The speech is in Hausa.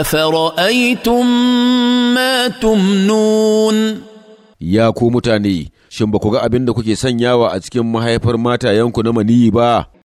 أفرأيتم ما تمنون يا كو متاني shin ba ku ga abin da kuke sanyawa a cikin mahaifar mata matayenku na maniyi ba